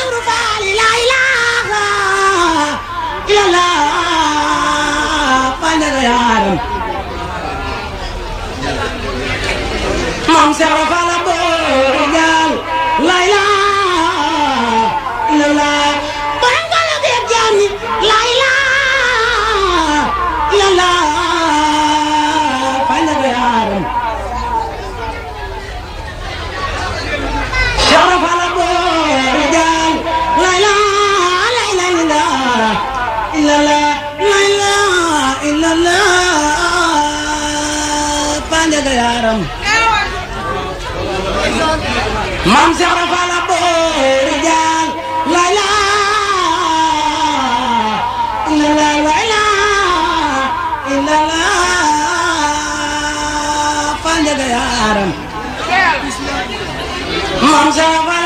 moom Cheikh Ibra Fall maam Seex Ibra Faal la boori jaan lay laa la lay lay laa illa laa Faal njaga yaaram maam Seex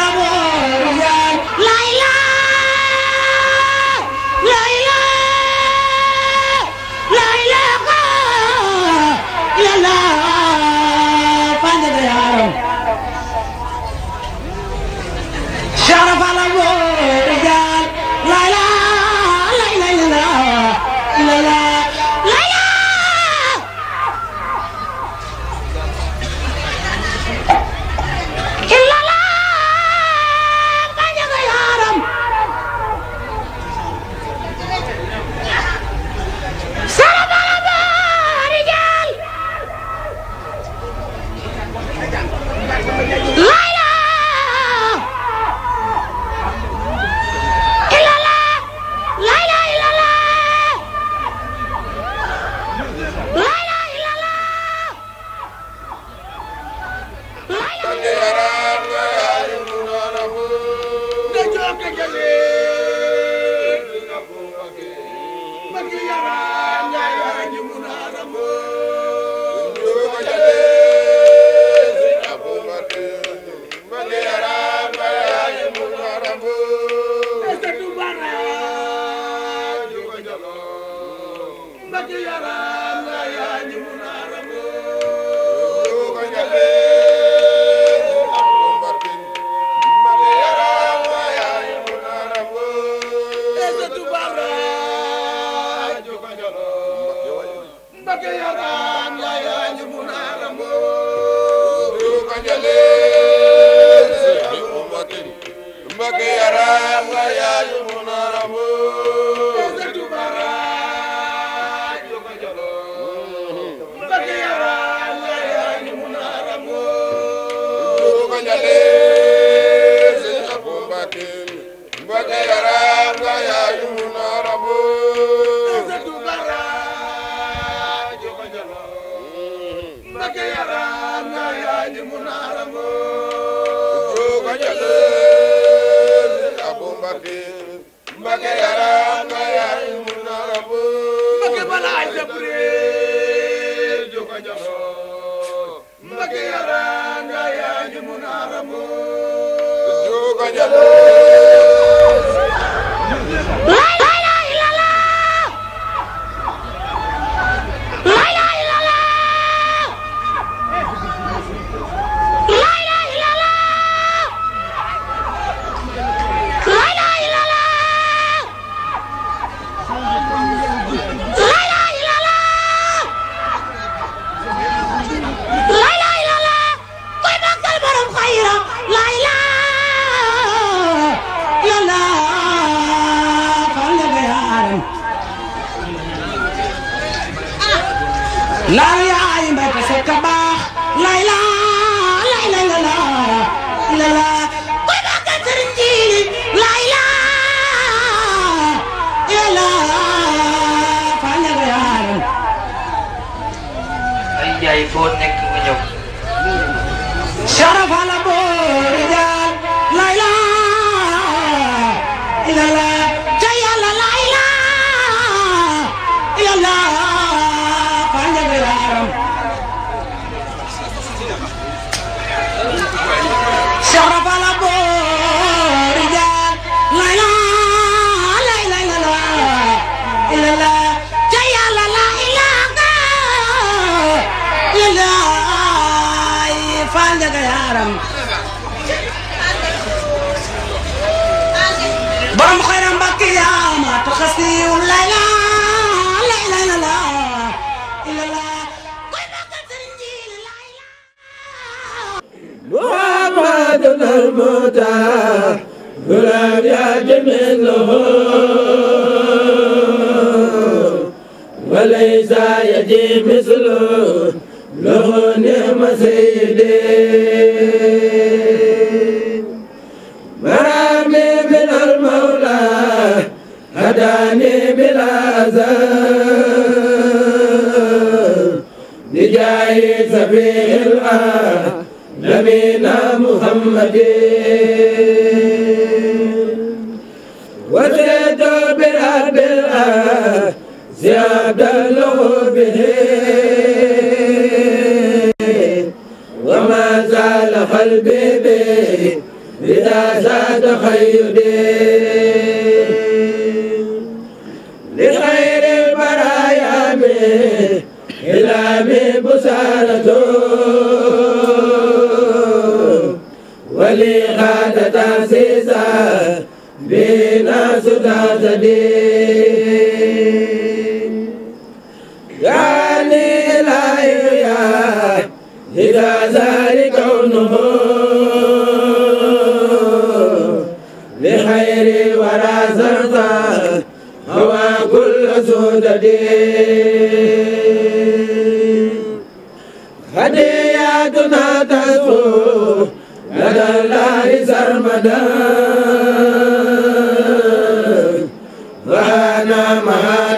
وليس يدي مثله له نعم سيدي مرامي من المولى هداني بلا زال نجاي سبيل الآن نبينا محمد وزيد برب زيادة له به وما زال قلبي به إذا زاد خيري لخير برايا به إلى من بشارته ولي غادة تاسيسه بنا سدات دين يعني لا يا إذا ذلك كونه لخير ولا زرطة هو كل سود دين هدياتنا تسوق لدى الله سرمدا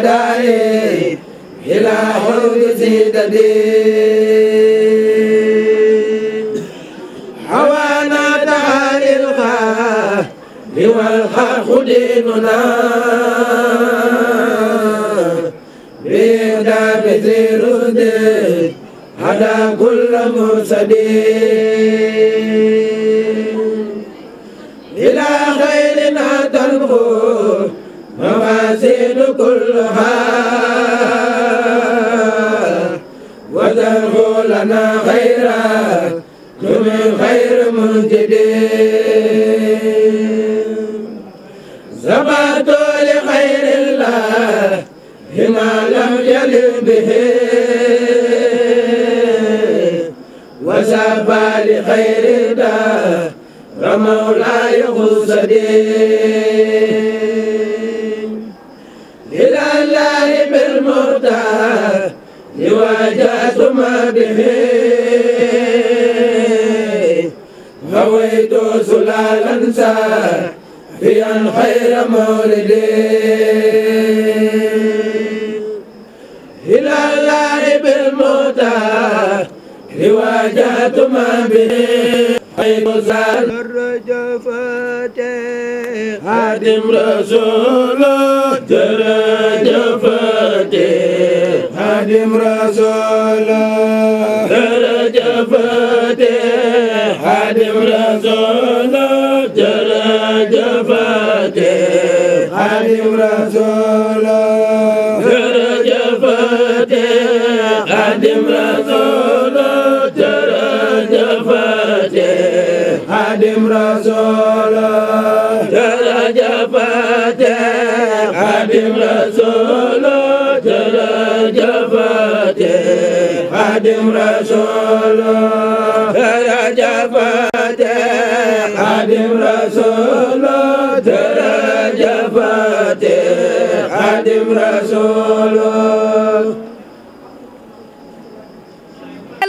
داري إلى حوض زيدتي حوانا دار الخاف والخلق ديننا بيدا بزيرود هذا كل مرسدين إلى خيرنا تنبو تزيد حال ودره لنا خيرا من غير منجد زبعت لخير الله بما لم يلم به وسبى لخير الله ومولاي قصدي ما به هويت سلالا سافيا خير مولد إلى لاعب الموتى لواجهت ما به حيث زاد الرجفات خادم رسول الرجفات خادم رسول درجة فاتح خادم رسول درجة فاتح خادم رسول خادم رسول درجة فاتح خادم رسول درجة فاتح خادم رسول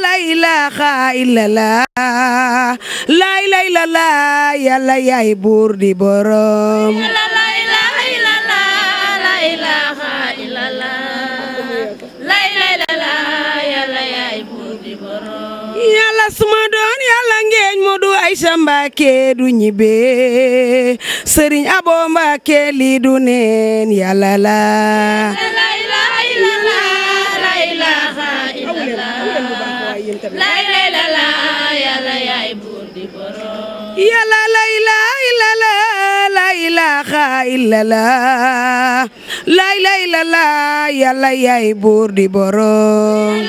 لا إله إلا الله لا إله إلا الله يلا يا بور دي بروم Ñas du Aysa Mbàkke lii du neen yàlla la yàlla yàlla yaay buur di borom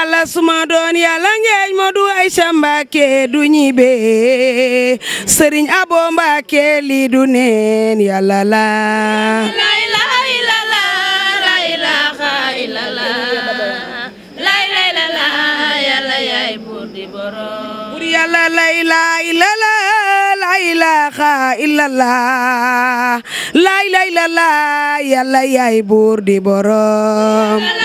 yalla suma don yalla yàlla ngeeñ ma du du ñibbe sëriñ Abo mbake li du neen yalla la la ilaha illallah la ilaha illallah la ilaha illallah di borom la ilaha borom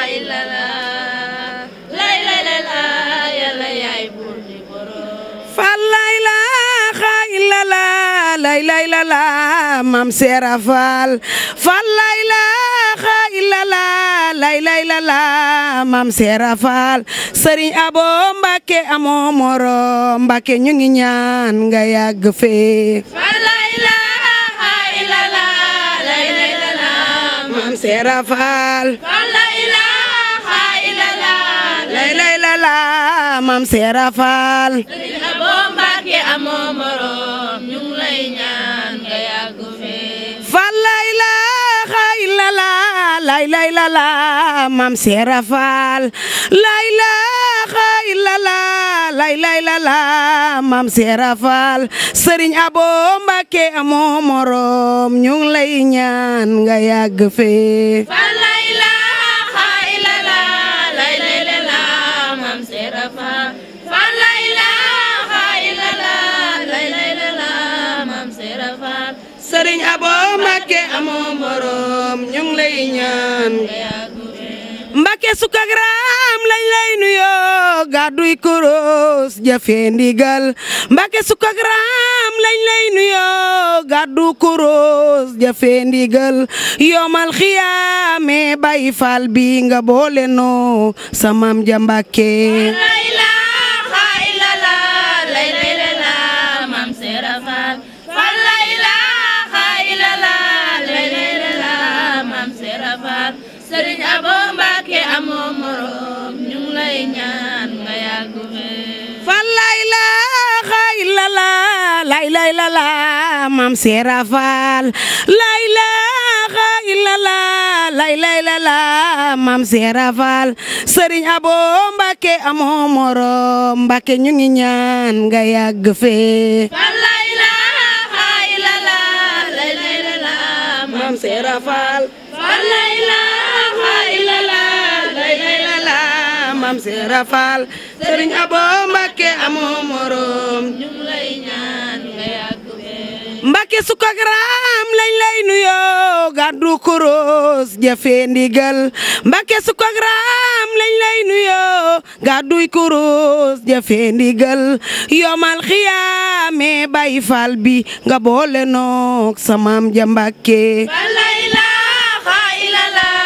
la la lay lay la la mam seera faal faal lay la xa illa mam seera faal sëriñ abo mbàkke amoo morom mbàkke ñu ngi ñaan nga yàgg fee faal lay Mbàkke amoo moroom ñu ngi lay ñaan nga yàgg fi fa lay lay la la maam seera faal faal sëriñ abo mbàkke amoo morom ñu ngi lay ñaan nga yàgg fee lay ñaan Mbàkke sukak raam lañ lay nuyoo gàdduy koros jafe ndigal Mbàkke sukak raam lañ lay nuyoo gàddu koros jafe ndigal yomal xiyaame bay faal bi nga boole noo samam ja Mbàkke la ilaha lay la la maam seera faal lay la illa faal sëriñ abo mbàkke amoo morom mbàkke ñu ngi ñaan nga yàgg fee faal lay la illa la lay lay la la maam faal sëriñ abo mbàkke amoo Mbàkke sukak raam lañ lay nuyoo gàddu koros jafee ndigal Mbàkke sukak raam lañ lay nuyoo gàdduy koros jafee ndigal yomal xiyaame bay fal bi nga boole noog samaam ja Mbàkke Fa la ilaha illallah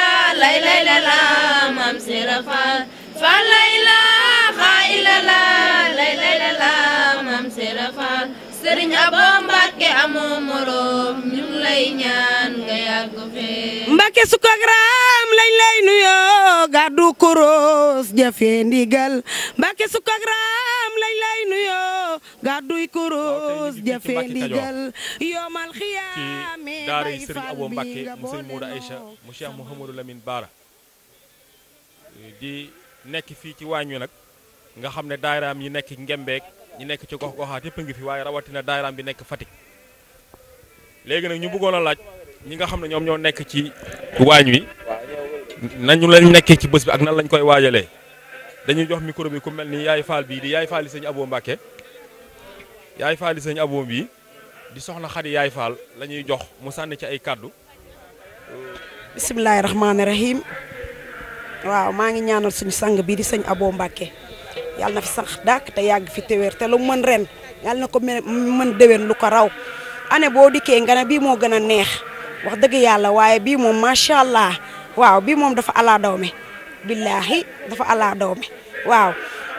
sëriñ Abo Mbacke amoo moroom ñu lay ñaan nga yàgg fee. Mbacke sukkograam lañ lay nuyoo gàddu kuros jafee ndigal Mbacke sukkograam lañ lay nuyoo gàdduy kuros jafee ndigal yomal xiyaame ci daara sëriñ Abo Mbacke mu sëriñ Modou Aïcha mu Cheikh Mouhamadou di nekk fii ci waañ wi nag nga xam ne daaraam yi nekk ngembeek ñi nekk ci gox-goxaat yëpp a ngi fi waaye Lega daayiraam bi nekk Fatick léegi nag ñu bëggoon a laaj ñi nga xam ne ñoom ñoo nekk ci waañ wi nañu lañ nekkee ci bés bi ak nan lañ koy waajalee dañuy jox micro bi ku mel ni yaay faal bii di yaay faali sëñ Abo Mbàkke yaay faali sëñ Abo bii di soxna Xadi yaay faal la ñuy jox mu sànni ci ay kàddu bismillaahi rahmaani rahim waaw maa ngi ñaanal suñu sang bii di sëñ Mbàkke yàlla na fi sax dàkk te yàgg fi téwéer te lu mën ren yàlla na ko man déwén lu ko raw année boo dikkee nga ne bii moo gën a neex wax dëgg yàlla waaye bii moom macha allah waaw bii moom dafa ala daw mi billaahi dafa ala daw mi waaw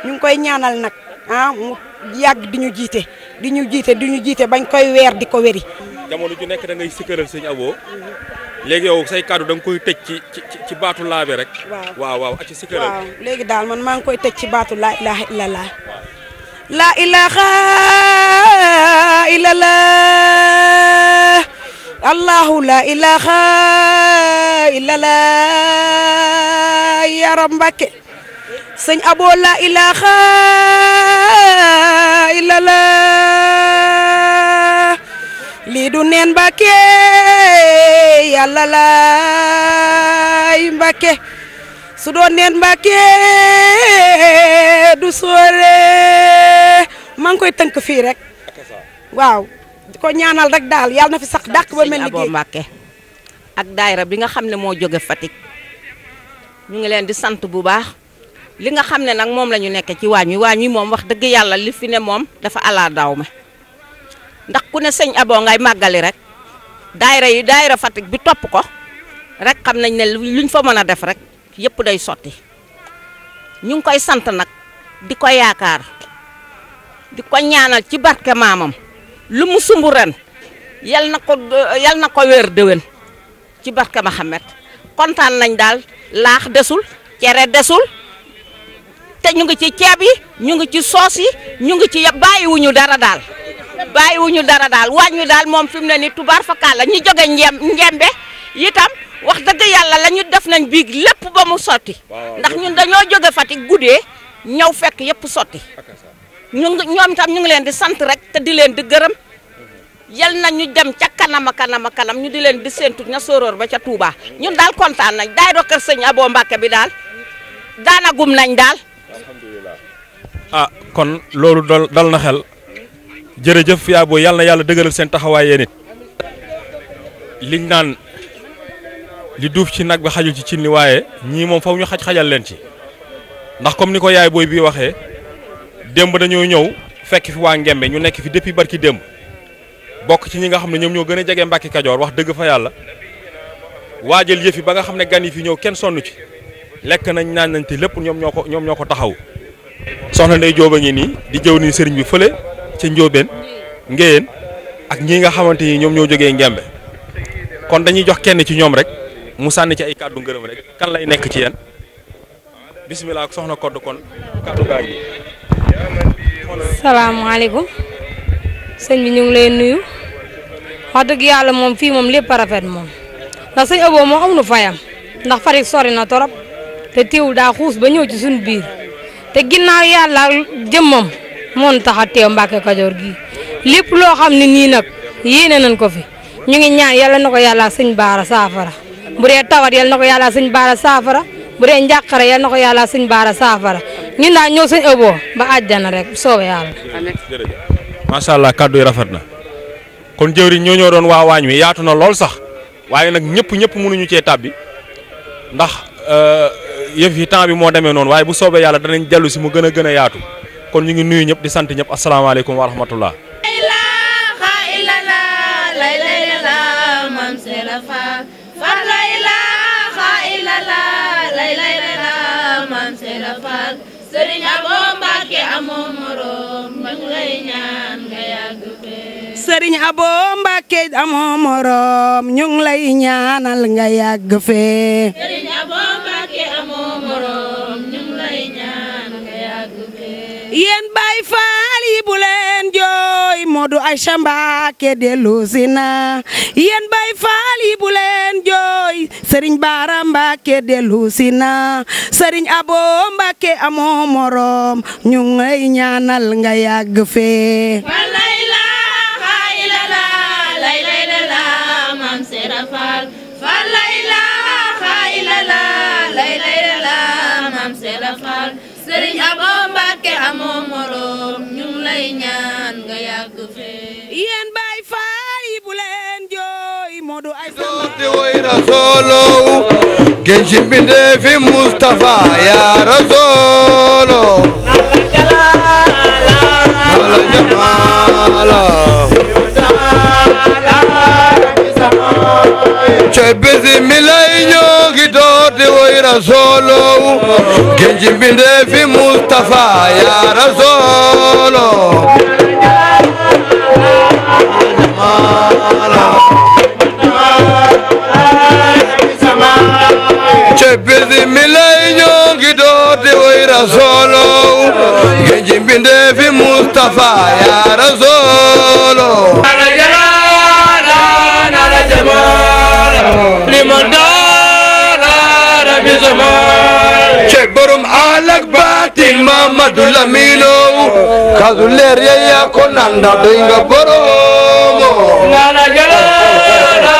ñu ngi koy ñaanal nag ah mu yàgg di ñu jiite di ñu jiite di ñu jiite bañ koy weer di ko wéri jamono ju nekk da ngay sikkëral sëñ Abo léegi yow say kàddu da nga koy tëj ci baatu laa bi rek. waaw waaw waaw ci si waaw léegi daal man maa ngi koy tëj ci baatu laa ilaha illallah. laa ilaha illallah. allahu laa ilaha illallah. yaram Mbàkke. sëñ Abo laa ilaha illallah. li du nen Mbàkke yalla la Mbàkke su do nen Mbàkke du sore mang koy teunk fi rek waw ko ñaanal rek dal yalla na fi sax dak ba mel ni Abo ak daaira bi nga xamne mo joge fatik ñu ngi len di sante bu baax li nga xamne nak mom lañu nekk ci wañu wañu mom wax deug yalla li fi ne mom dafa ala daaw ndax ku ne seigne abo ngay magali rek daayira yi daayira fatik bi top ko rek xam nañ ne luñ fa mëna def rek yépp day soti ñu ngi koy sant nak diko yaakar diko ñaanal ci barke mamam lu mu sumbu ren yal na ko yal na ko wéer ci barke Mahamed kontaan nañ dal laax desul cere desul te ñu ngi ci ceeb yi ñu ngi ci ñu ngi ci bayiwuñu dara dal wuñu dara dal wañu dal mom fi mu ne nii tubaar fakkaat la ñu jóge njem njembe itam wax dëgg yalla lañu def nañ bi lepp ba mu soti ndax ñun dañoo joge fatik guddee ñëw fekk yëpp soti ñu ñom tam ñu ngi leen di sante rek te di leen di gërëm mhm. yal na ñu dem ca kanam kanam kanam ñu di leen di sentu ña soror ba ca Touba ñun dal. kontan nañ do keur seigne Abo bi daana gum nañ alhamdullilah ah kon lolu dal dal na xel jërëjëf yaa booy yàlla na yàlla dëgëral seen taxawaay yee it liñ naan li duuf ci nag bi xajul ci cin li waaye ñii moom faw ñu xaj xajal leen ci ndax comme ni ko yaay booy bii waxee démb dañoo ñëw fekk fi waa Ngembe ñu nekk fi depuis barki démb bokk ci ñi nga xam ne ñoom ñoo gën a jege mbàkki Kajoor wax dëgg fa yàlla waajal yëf yi ba nga xam ne gan yi fi ñëw kenn sonn ci lekk nañ naan nañ ti lépp ñoom ñoo ko ñoom ñoo ko taxaw soxna Ndey Jóob a ngi nii di jëw nii sëriñ ci Njóobeen ngeen ak ñi nga xamanteni ñom ñoo joge Ngembe kon dañuy jox kenn ci ñom rek mu sanni ci ay kaddu ngërëm rek kan lay nekk ci yeen bismillah soxna Codé kon kaddu gaay salam alaykum señ bi ñu ngi lay nuyu wax deug yalla mom fi mom lepp rafet mom da sëñ Abo mo amnu fayam ndax Fatick sori na torop te teewul da xuus ba ñew ci sun biir te ginnaaw yàlla jëmmam mon taxate a teew Mbacke Kajoor gi lepp lo xamni ni nak yene nan ko fi ñu ngi ñaan yalla nako yalla yàlla bara safara bu re tawat yalla na yalla yàlla bara safara bu re njàqare yalla nako yalla yàlla bara safara ñu na ñoo ñëw ebo ba aljana rek yalla ma sha allah kaddu yi kon jeewri ñoo ñoo doon wa wañ wi yaatuna lol sax waye waaye ñepp ñepp mënu ñu ci tabbi ndax euh, yef yi temps bi mo démé non waaye bu soobé yalla dañu jallu ci mu gëna gëna yaatu kon ñu ngi nuyu ñep di sant ñep assalamu alaykum wa rahmatullah Serigne Abo mbàkke amo morom ñu ngi lay ñaanal nga yàgg fee yéen Baay Faal yi bu leen jooy Modou Aïcha Mbacké dellusi na yéen Baay Faal yi bu leen jooy Serigne Bara Mbacké dellusi na Serigne Abo Mbacké amoo morom ñu ñaanal nga yàgg fee Serigne lay ñaan nga yàgg fee yéen Baay Faal yi bu leen jooy Modou ay sama di woy rasoolow gën ci mbindee fi Mustafa yaa rasoolow nala jamaala coy bisi mi lay ñoo gi وي رسوله جنج بندي في مصطفى يا رسوله Cebirdi milay ñongi dooti way rasolo Genji mbinde fi Mustafa ya rasolo Ala jalala ala jamala Liman ci borom aal ak baatin Mamadou Lamine kazu leer ya yaa ko naan ndax doy nga borom nana jalaala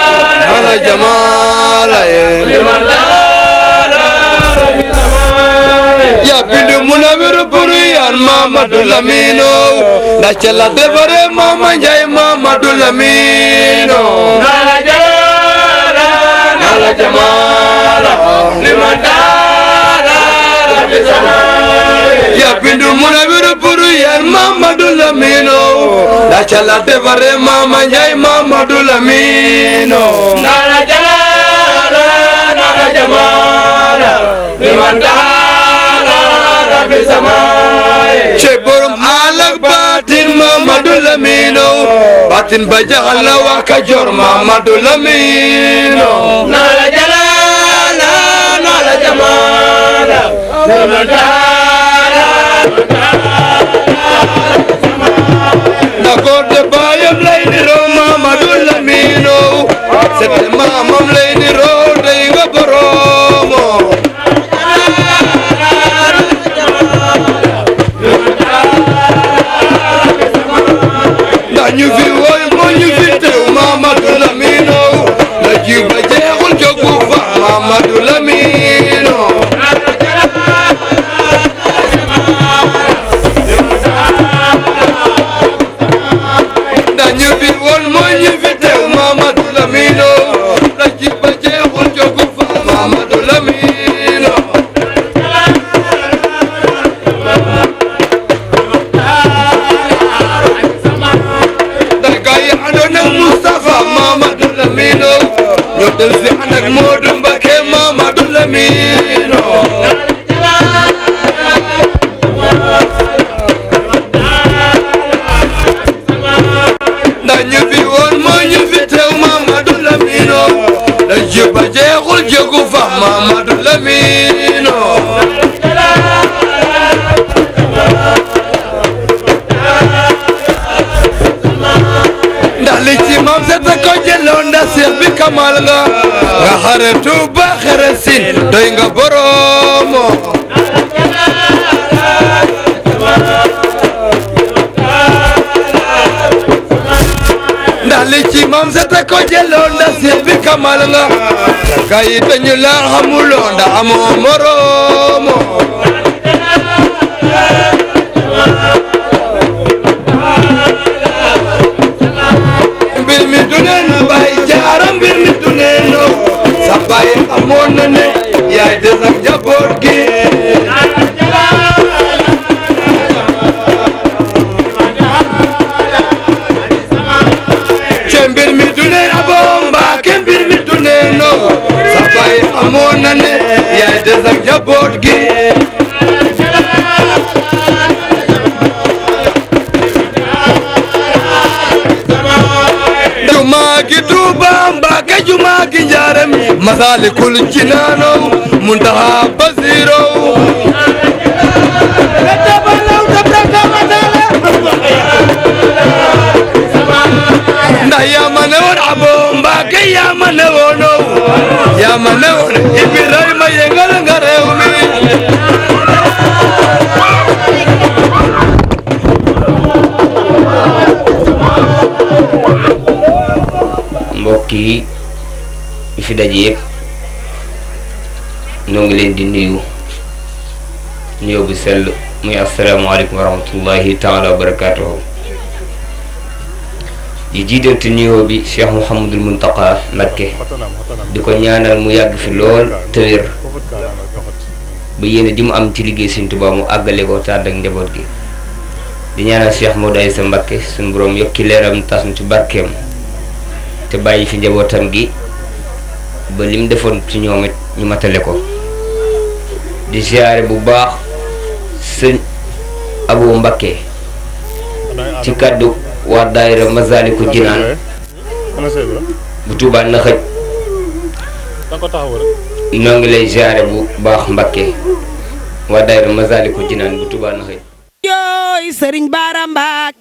nana jamaala yaa bindu munawiru buru yaan Mamadou Lamine ndax ca la defare Mama Njaay Mamadou Lamine جمال جماله لمن دار ربي يا بنت منور بريان محمد لمينو لا شلا تفر ماما جاي محمد لمينو نارا جلال نارا جمال لمن دار baatin ba jaxal la waa Kajoor Mamadu Lamine naa la jalaala naa la jamaala naa la daala d'accord de baayam lay niroo Mamadu Lamine c'est maamam lay niroo xaratu baxara doy nga boroomo ndax li ci ko jëloon ndax seet bi kamal nga ka yi dañu la xamuloon ndax moroomo xamoon na ne yaay desam njaboot mi du ne abo mbaa mi du ne no sa baay xamoon na ne yaay desam njaboot gi jaaram masaalikul jinaanam muntaha basiro ndax yaa ma ne woon abo mbaake yaa ma ne woono yaa ma ne woon Ibrahima yëngal nga réew mi mbokk yi fi dajé yépp ñoo ngi leen di nuyu nuyu bu sell muy alaykum wa rahmatullahi taala wa barakatuh di jiidante nuyoo bi cheikh mouhamadul muntaqa mbakke di ñaanal mu yagg fi lool te wér bu am ci liggéey seigne touba mu agalé ko tànd ak njabot gi di ñaanal cheikh Modou Aïssa Mbakke sun borom yokki leeram tas ci barkeem te bayyi fi njabotam gi ba lim defoon ci ñoom it ñu matale ko di ziare bu baax sëñ Abo Mbakke ci kàddu waa daayira Masaliku Jinaan bu Tuubaa na xëj noo ngi lay ziare bu baax Mbakke waa daayira Masaliku Jinaan bu Tuubaa na xëj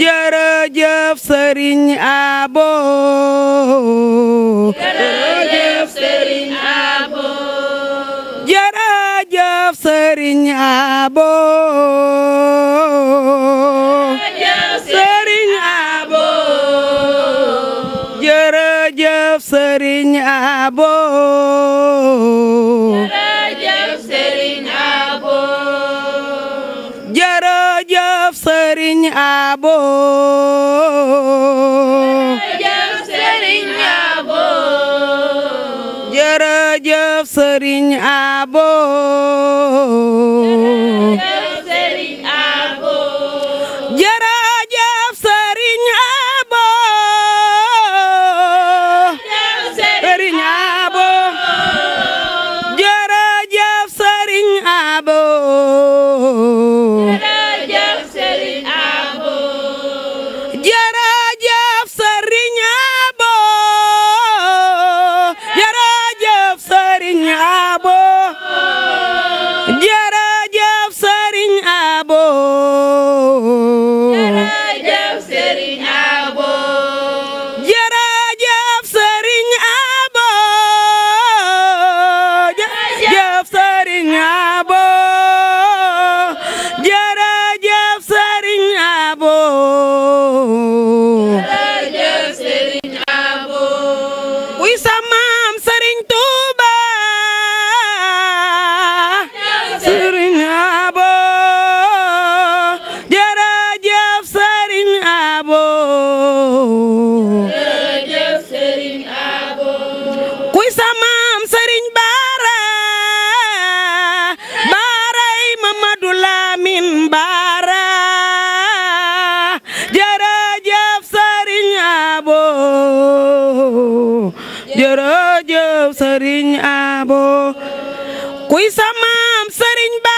jërëjëf sëriñ Abo jërëjëf sëriñ Abo jërëjëf sëriñ abo jërëjëf sëriñ abo kuy sa maam sëriñ ba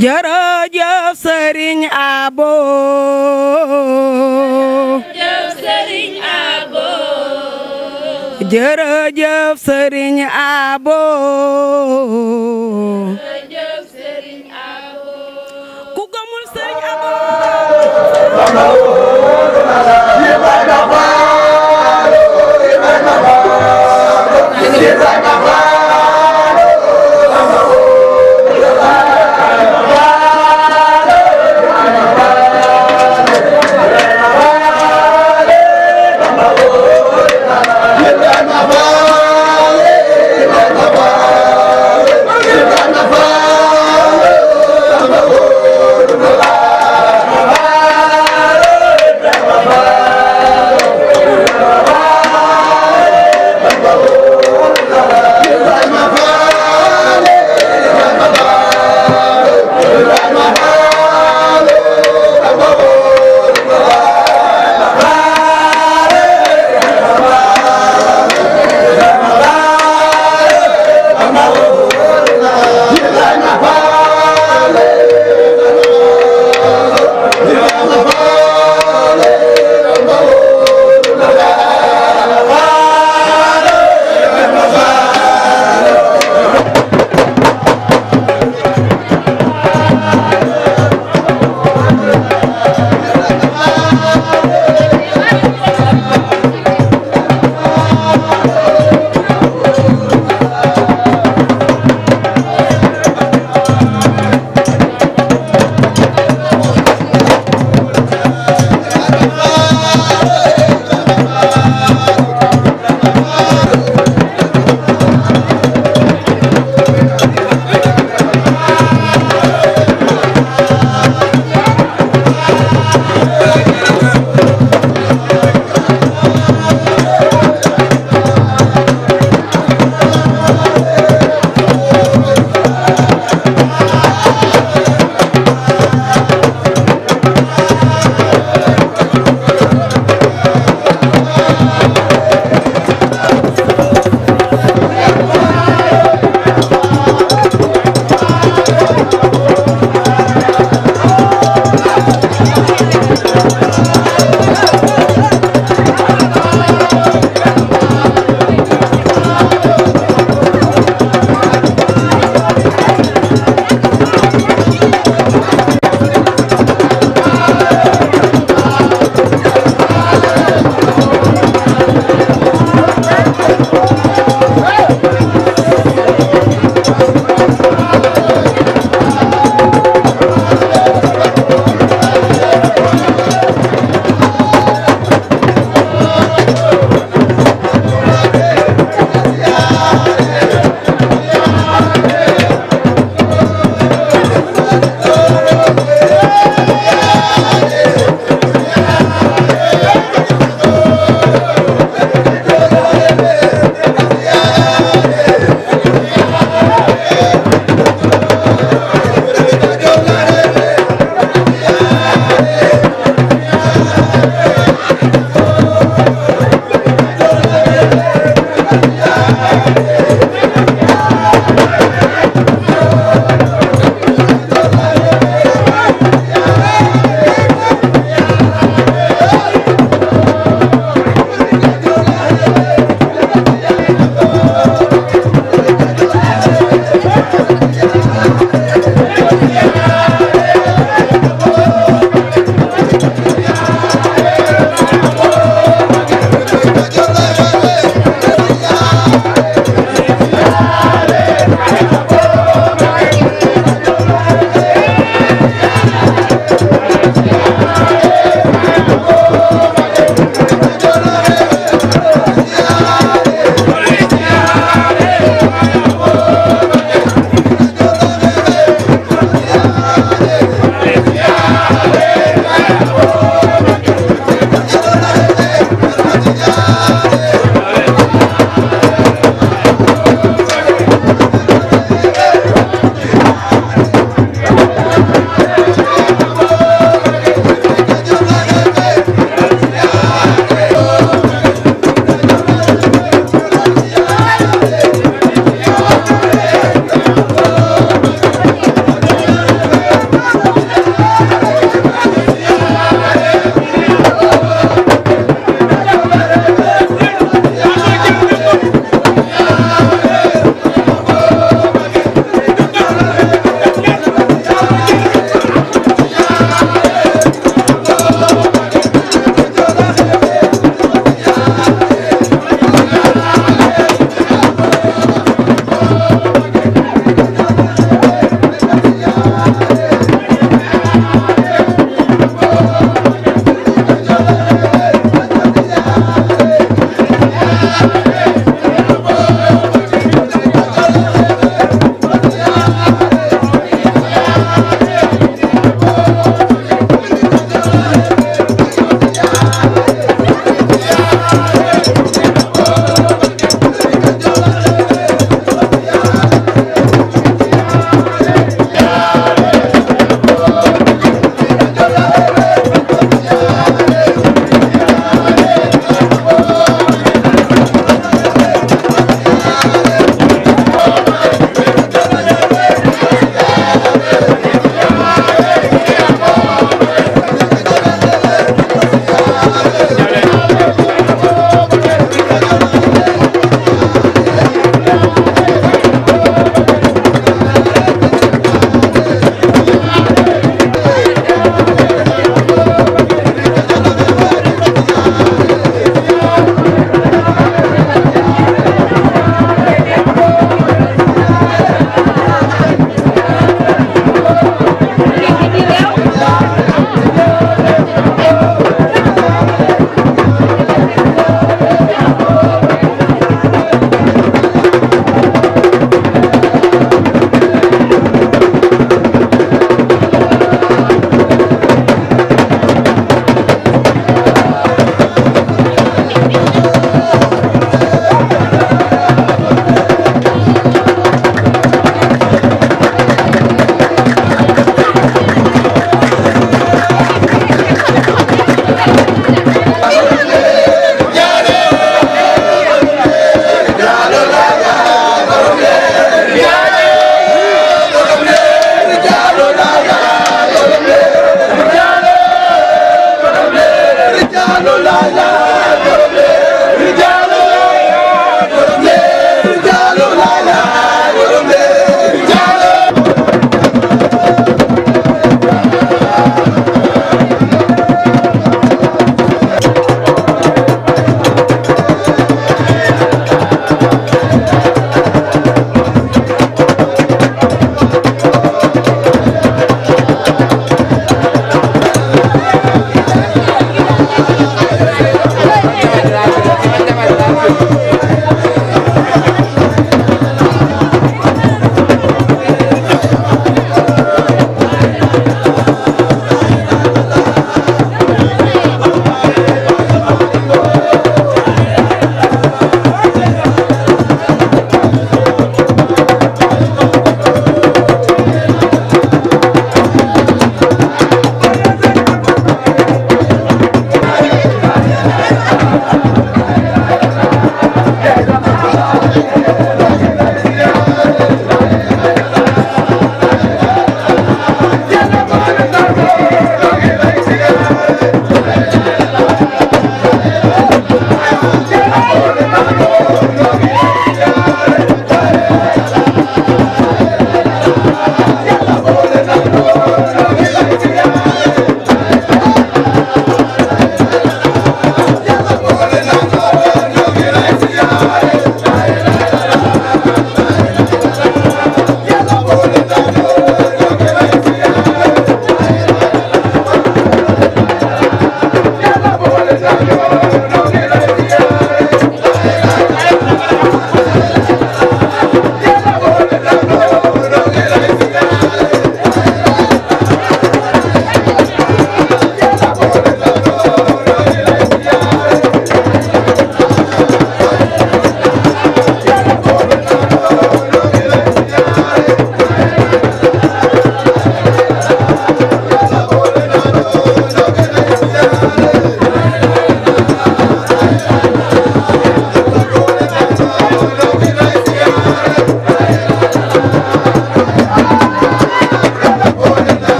jërëjëf sering Abo jërëjëf sering Abo jërëjëf sëriñ Abo jërëjëf sering Abo Abo Kita kembali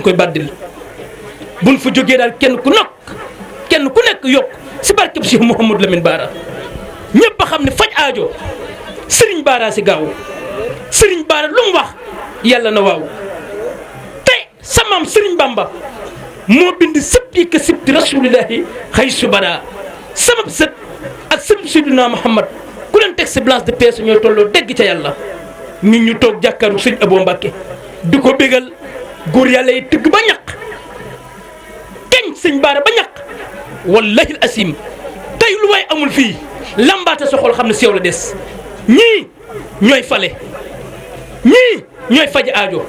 leen koy bu buñ fa jógee daal kenn ku nokk kenn ku nekk yokk si barkeb Cheikh Mouhamadou Lamine Bara ñëpp a xam ne faj aajo Serigne Bara si gaaw Serigne Bara lu wax yàlla na waaw te samaam Serigne Bamba moo bind sëpp yi ka sibti rasulillahi xay su bara sama sët ak sëpp Seydina Muhammad ku leen teg si place de paix ñooy tolloo dégg ca yàlla ñun ñu toog jàkkaaru sëñ Abo Mbàkke di ko bégal góor yàlla yi tëgg ba ñaq teñ sëñ baara ba ñaq wallahi asim tey lu way amul fii lambaata sa xam ne seew la des ñii ñooy fale ñii ñooy faj aajo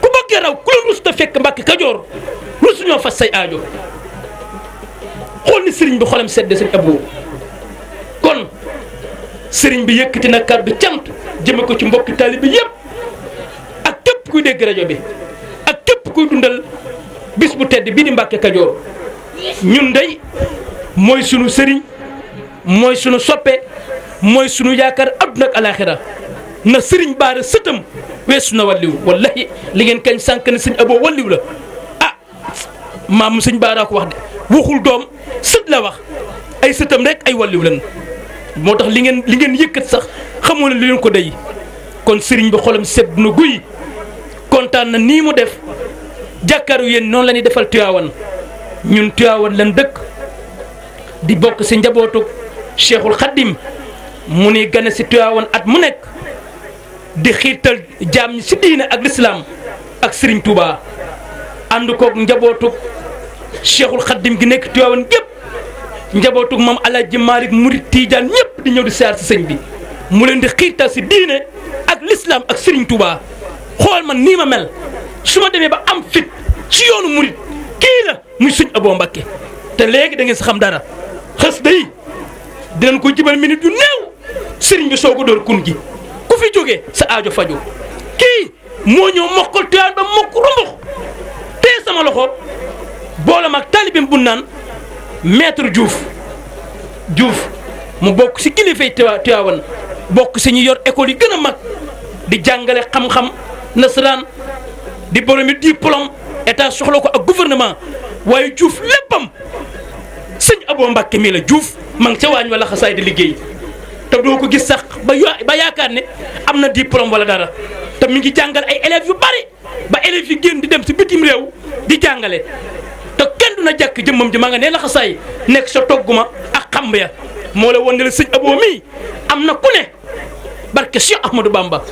ku bëgg raw ku la rus ta fekk mbàkk kajoor rus ñoo faj say aajo xool ni sëriñ bi xolam sedd sëñ Abdou kon sëriñ bi yëkkati na kàddu cant jëme ko ci mbokki taalibe bi yëpp ak képp kuy dégg rajo bi kuy dundal bis bu tedd bi di Mbàkke Kajoor ñun dey mooy sunu sëriñ mooy sunu soppe mooy sunu yaakaar àdduna ak alaaxira na sëriñ baara sëtam weesu na walliw wallahi li ngeen kañ sànq ne sëñ aboo walliw la ah maam sëñ baara ko wax de waxul doom sët la wax ay sëtëm rek ay walliw lan moo tax li ngeen li ngeen yëkkat sax xamoo ne li leen ko dey kon sëriñ bi xolam sedd na guy kontaan na nii mu def jàkkaaru yéen noonu la ñuy defal Tiwaawan ñun Tiwaawan lan dëkk di bokk si njabootu Cheikhul xaddim mu ni gane si Tiwaawan at mu nekk di xiirtal jaam ñi si diine ak lislaam ak Serigne Touba ànd koog njabootu Cheikhul Khadim gi nekk Tiwaawan gépp njabootu moom El Hadj Malick Murid Tidiane ñëpp di ñëw di siyaar si sëñ bi mu leen di xiirtal ci diine ak lislaam ak Serigne Touba xool man nii ma mel. suma demé ba am fit ci yoonu mourid ki la muy sëñ Abo mbacké té légui da ngeen sa xam dara xës day dinañ ko jibal minute yu new serigne bi soko dor kun gi ku fi joggé sa aajo fajo ki mo ñoo mokkal tuyaan ba mokk rumbu té sama loxo boolam ak talibim bu nan maître Diouf Diouf mu bok si kilifay tuyaawan bok ci ñu yor école yi gëna mag di jangalé xam-xam nasran di borom di diplôme état soxlo ko ak gouvernement waye djouf leppam seigne abou Mbacke mi la djouf mang ci wañ wala xassay di liggéey te do ko gis sax ba ba yaakaar ne diplôme wala dara te mi ngi jangal ay élèves yu bari ba élèves yi genn di dem ci bitim rew di jangalé te kenn duna na jàkk jëmmam ji ma nga ne la xasaay nekk sa togguma ak xamb ya. mo la wonel seigne abou mi amna ku ne barke Cheikh Ahmadou Bamba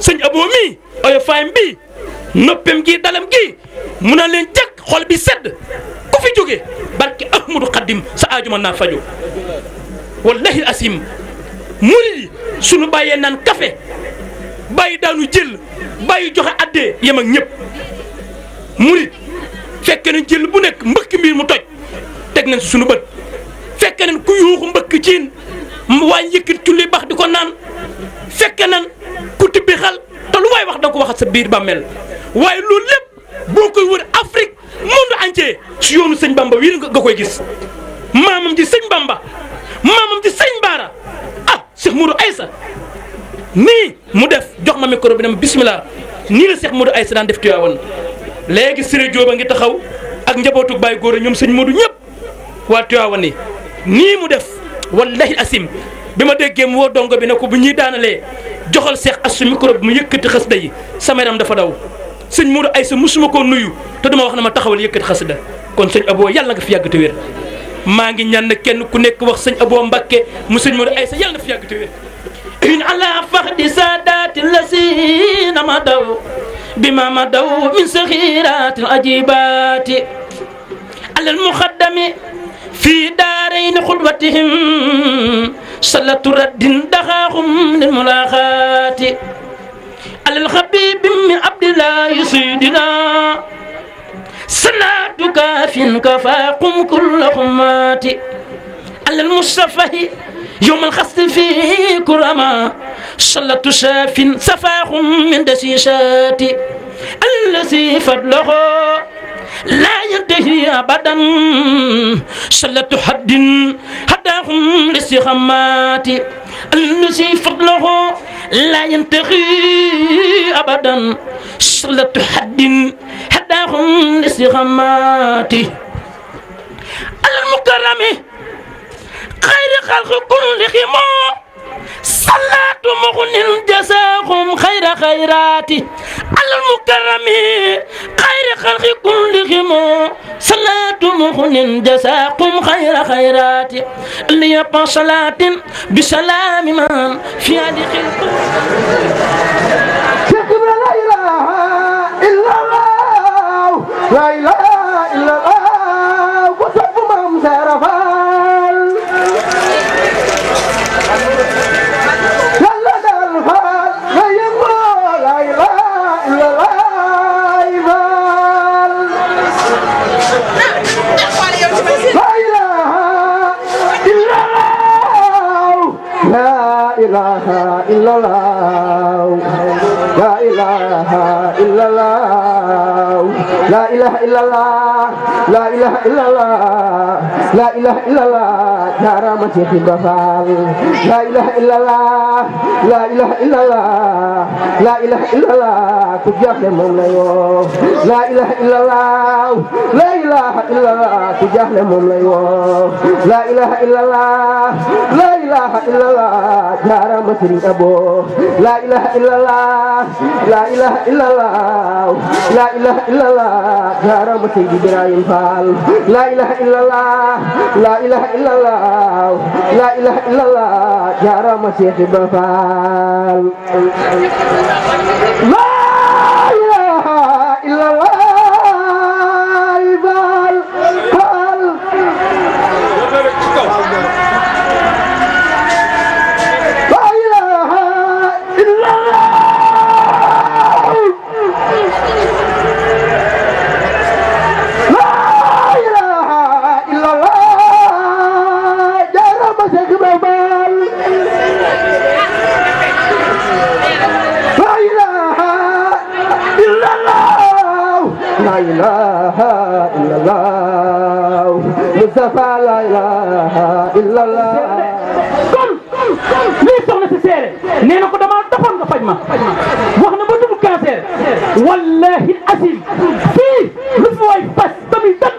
seigne abou mi ay faayam bii noppem gi dalam gi mu na leen jëkk xol bi sedd ku fi jóge barke Ahmadu Xaddim sa aaju mën naa faju wallahi asim murid suñu bàyyee naan café bàyyi daanu jël bàyyi joxe addee yem ak ñëpp murid fekke nañ jël bu nekk mbëkk mbir mu toj teg nañ suñu bët fekke nañ ku yuuxu mbëkk ciin waañ yëkkit tulli bax di ko naan fekk nañ ku tibbi xal te lu waay wax danga ko waxat sa biir bàmmeel waaye loolu lépp boo koy wër Afrique monde entier ci yoonu sëñ Bamba wii nga koy gis maamam ji sëñ Bamba maamam ji sëñ Baara ah Cheikh Modou Aïssa nii mu def jox ma micro bi ne ma bisimilah nii la Cheikh Modou Aïssa daan def Tiwaawan léegi Siré Diop a ngi taxaw ak njabootu Baye Góor ñoom sëñ Modou ñëpp waa Tiwaawan yi nii mu def wallahi asim bi ma déggee mu woo dongo bi ne ko bu ñuy daanalee joxal Cheikh Assou micro bi mu yëkkati xas day sama dafa daw. sëñ Modou Aïssa musuma koo nuyu te dama wax na ma taxawal yëkkati xasida kon sëñ Abo yàlla nga fi yàgg te wér maa ngi ñaan kenn ku nekk wax sëñ Abo Mbakke mu sëñ Modou Aïssa yàlla na fi yàgg te wér in ala faxdi saadaati lasina ma daw bima ma daw min saxiraati ajibaati ala almuxaddami fi daarayni xulwatihim salatu raddin daxaaxum lil mulaaxaati على الخبيب من عبد الله سيدنا سنة كاف كفاكم كل حمات على المصطفى يوم الخص فيه كرما صلاة شاف سفاهم من دسيشات الذي فضله لا ينتهي أبدا صلاة حد حداهم للسخامات الذي فضله لا ينتهي أبدا شلة حد هداهم لسغماته على المكرم خير خلق كل لخيم صلاة مغن جزاهم خير خيراتي المكرم خير خلق كل لخيم صلاة مخن جزاكم خير خيرات ليبقى صلاة بسلام من في هذه خلقه شكرا لا إله إلا الله لا إله ilaha illallah la ilaha إلا الله لا إله إلا الله لا إله إلا الله لا إله إلا الله كرامة بفال لا إله إلا الله لا إله إلا الله لا إله إلا الله تجاه ممليو لا إله إلا الله لا إله إلا الله تجاه ممليو لا إله إلا الله لا إله إلا الله كرامة أبو لا إله إلا الله لا لا إله إلا الله لا إله إلا الله غرام سيد إبراهيم فال لا إله إلا الله لا إله إلا الله لا إله إلا الله غرام سيد إبراهيم فال لا إله إلا الله إله إلا الله Mustafa la ilaha illa Allah kon lii soxna si seere nee na ko dama doxoon nga faj ma wax na ba dugg cancer wallahi asim fii lu fi waay fas tamit dat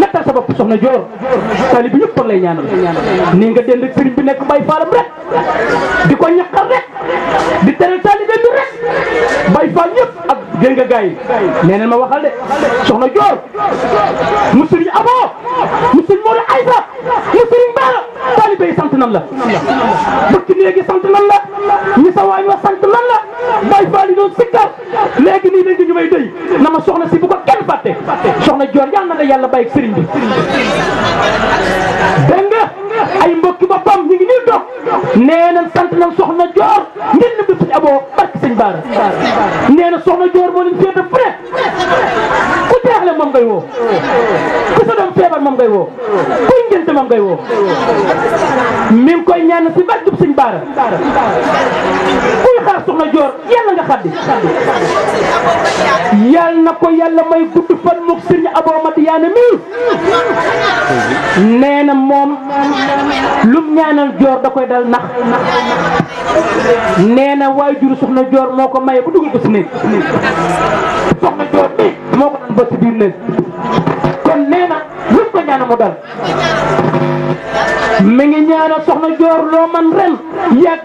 nattal sa bopp soxna joor tali bi ñëpp lay ñaanal ni nga dend ak bi nekk bay faalam rek di ko ñaqal rek di teral taalibe bi rek bay faal ñëpp dégg nga gars yi nee nañ ma waxal de soxna Dior mu sëriñ Abo mu sëriñ Modou Aïssa mu sëriñ Baara taalibe yi sant nan la bëkk léegi sant nan la ñi sa waañ wa sant nan la Baye Fall yi doon sikkar léegi nii léegi ñu may doy na ma soxna si bu ko kenn fàtte soxna Dior yal na la yàlla bàyyi sëriñ bi dégg nga ay mbokki boppam dox nee na sant na soxna Dior ngeen ne bi suñu aboo barke sëñ Baara nee na soxna Dior moo leen féete fu ne ngay woo ku sa doom feebar moom ngay woo kuy ngénte moom ngay woo mi koy ñaan si barke Sëñ Baara kuy xaar soxna joor yàlla nga xaddi yàlla na ko yàlla may gudd fan mu sëñ Aboo Madiyaane mi nee na moom lum ñaanal joor da koy dal nax nee na waaye juru soxna joor moo ko maye bu dugal ko si néeg soxna joor bi moo ko daan ba si biir néeg kon nee na ko ñaan mu dal mi ngi ñaanal soxna Dior loo man ren yàgg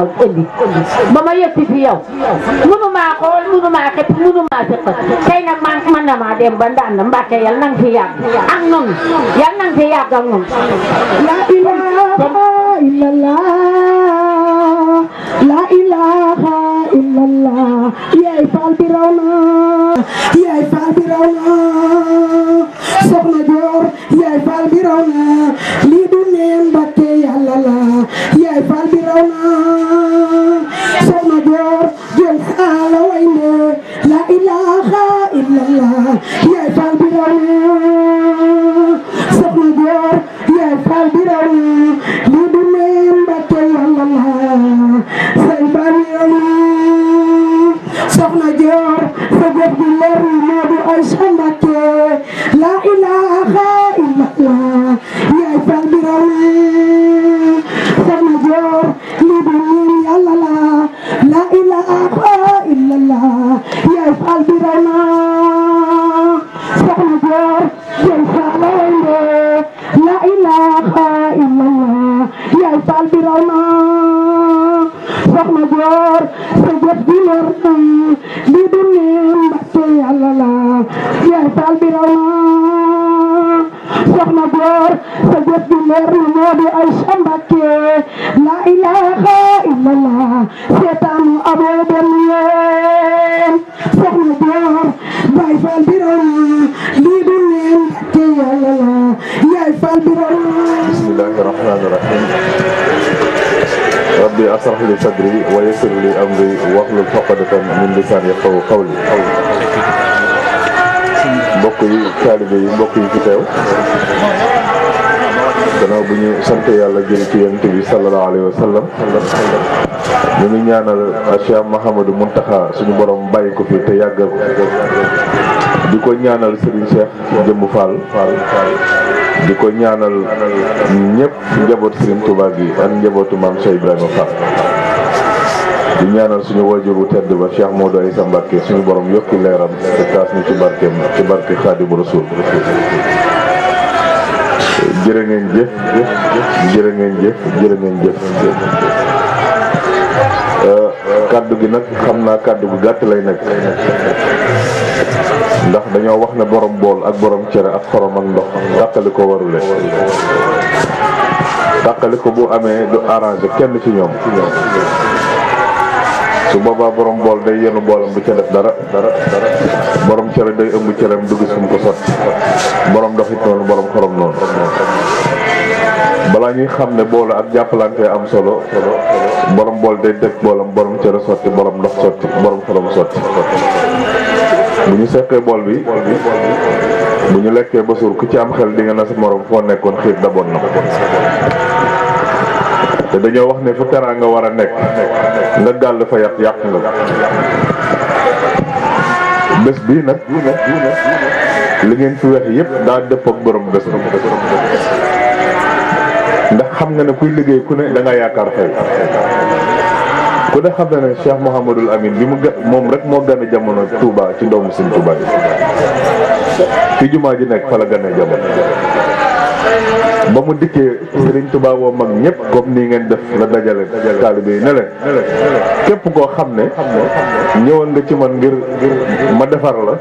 ma ba ma yëg fi yow mënumaa xool mënumaa xet mënumaa sëqat tey nag man man damaa dem ba ndànd Mbàkke yal na fi yàgg ak nun yal na fi yàgg ak nun laa ilaaha illallah laa faal bi raw faal bi raw na soxna Joor yaay faal bi faal bi Bro. taalibe yi mbokk yi fi teew gannaaw bu ñu sant yàlla jël ci yonent bi sallallahu wa sallam ñu ngi ñaanal Cheikh Mouhamadou Mountakha suñu borom bàyyi ko fii te yàggal ko di ko ñaanal Serigne Cheikh Jëmb Fall di ko ñaanal ñëpp njaboot Serigne Touba gi ak njabootu maam Cheikh Ibrahima Fall di ñaanal suñu wajur wu tedd ba Cheikh Modou Issa Mbacké suñu borom yokki leeram te taas ñu ci barkeem ci barke Xaadimu Rasuul jërë ngeen jëf jërë ngeen jëf euh, kàddu gi nag xam naa kàddu gu gàtt lay nekk ndax dañoo wax ne borom bool ak boroom cere ak xorom ak ndox tàqali ko warule tàqali ko bu amee du arange kenn ci ñoom su boobaa borom bool day yenu boolam bu ca def dara dara dara borom cere day ëmb cerem du gis mu ko sot borom doxit noonu borom xorom noonu balaa ñuy xam ne boolu ak jàppalante am solo borom bool day def boolam borom cere sotti borom ndox sotti borom xorom sotti bu ñu seqee bool bi bu ñu lekkee ba suur ku ci am xel di nga na sa morom foo nekkoon xiir daboon na dañoo wax ne fu teraanga war a nekk nga gàll fa yàq yàq nga bés bii nag li ngeen fi wax yëpp daa dëpp ak borom bés ndax xam nga ne kuy liggéey ku ne da nga yaakaar fay ku ne xam na ne Cheikh Mouhamadul Amin bi mu ga moom rek moo gën a jamono Touba ci doomu Sëñ Touba yi fi jumaa ji nekk fa la gën jamono ba mu dikkee Sëriñ Tuubaa woo mag ñëpp comme nii ngeen def la dajale taalibe yi ne leen képp koo xam ne ñëwoon nga ci man ngir ma defar la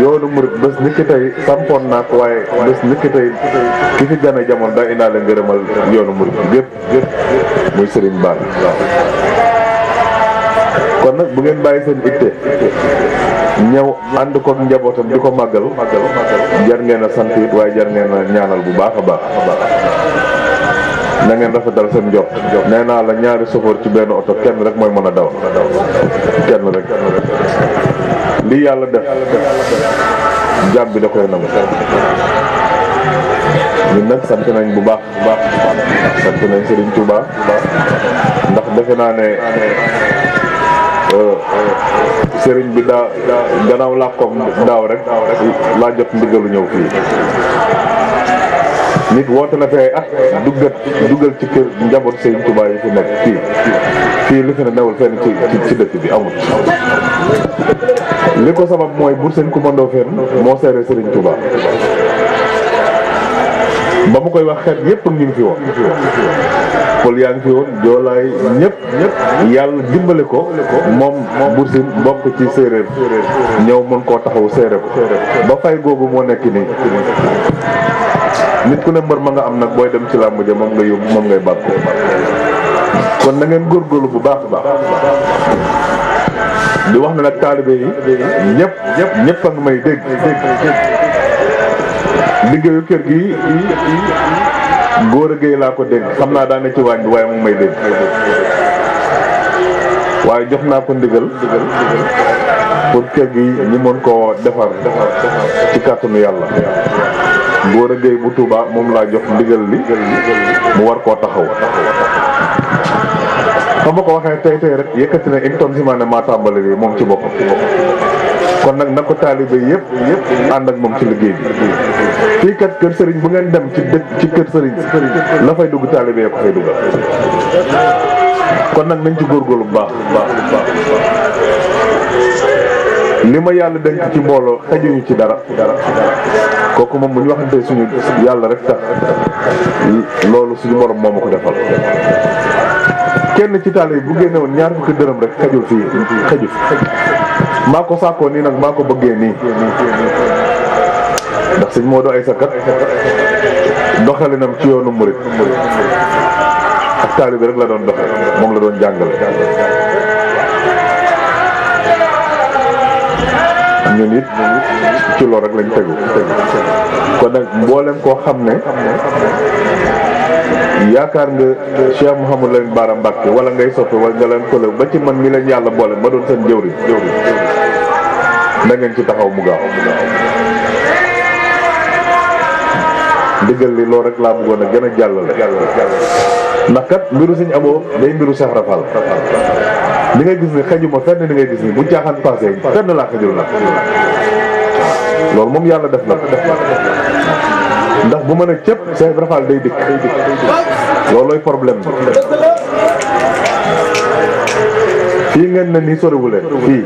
yoonu murit bés ni ki tey sampoon naa ko waaye bés ni ki tey ki fi gane jamono daa indaale ngërëmal yoonu murit gépp muy Sëriñ Bara kon nag bu ngeen bàyyi seen itte ñëw ànd ko njabootam di ko màggal jar ngeen a sant it waaye jarngeen ngeen ñaanal bu baax a baax na ngeen rafetal seen njort nee naa la ñaari sofoor ci benn oto kenn rek mooy mën a daw kenn rek lii yàlla def jàmm bi da koy nangu ñun nag sant nañ bu baax bu baax sant nañ Serigne Touba ndax defe naa ne sëriñ bi daa gannaaw làkkoom daaw rek laa jot ndigalu ñëw fii nit woote na fi ay at duggat duggal ci kër njaboot sëriñ Tuubaa yi fi nekk fii fii li fi ne newul fenn ci dëkk bi amul li ko sabab mooy bu sëñ Kumba Ndoofeen moo seere sëriñ Tuubaa ba mu koy xet ñepp ngi fi woon pol yaa ngi fi woon joolaay ñepp ñepp yalla dimbalé ko mom bursin Sine bokk ci séeréer ñew mën ko taxaw séeréer ba fay gogu mo nekk ni nit ku ne mbër ma nga am nak boy dem ci lamb je mom nga yob mom ngay bakko kon na ngeen góorgóorlu bu baax baax di wax na nak talibé yi ñepp ñepp ñepp a ngi may dégg liggéeyu kër gi góor a géey laa ko dégg xam naa daane ci waañ bi waaye moom may dégg waaye jox naa ko ndigal pour kër gi ñi mën koo defar ci kàttanu yàlla góor a géey bu Tuuba moom laa jox ndigal li mu war koo taxaw xam nga ko waxee tey tey rek yëkkati na une tonne si maanaam maa tàmbali bi moom ci boppam kon nak nako talibé yépp yépp and ak mom ci liggéey bi fii kat keur sëriñ bu ngeen dem ci ci keur sëriñ la fay dugg talibé ko fay dugg kon nak nañ ci góorgóorlu bu baax baax baax lima yalla yàlla ci mbolo xajuñu ci dara koku mom buñ waxante suñu yalla rek tax lolu suñu borom momako defal kenn ci taal yi ñaar fukki dërëm rek xajul fii xajul maa ko sàkkoo nii nag maa ko bëggee nii ndax sëñ Modou Aïssa ci yoonu murit bi rek la doon doxal moom la doon jàngale ñun it ci loolu rek lañ tegu kon nag mboolem koo xam ne yaakaar nga Cheikh mohammed Lamine Bara bakke wala ngay soppe wala nga leen kole ba ci man mi leen yàlla boole ba doon seen jëwri jëwri da ngeen ci taxaw mu gaaw li loolu rek laa bëggoon a gën a Rafal li ngay gis ni xejuma fenn ngay gis ni bu passé fenn ndax bu mën ne cëpp Cheikh Ibra day dikk day dikk loolooy problème bi. fii ngeen ne nii soriwu leen fii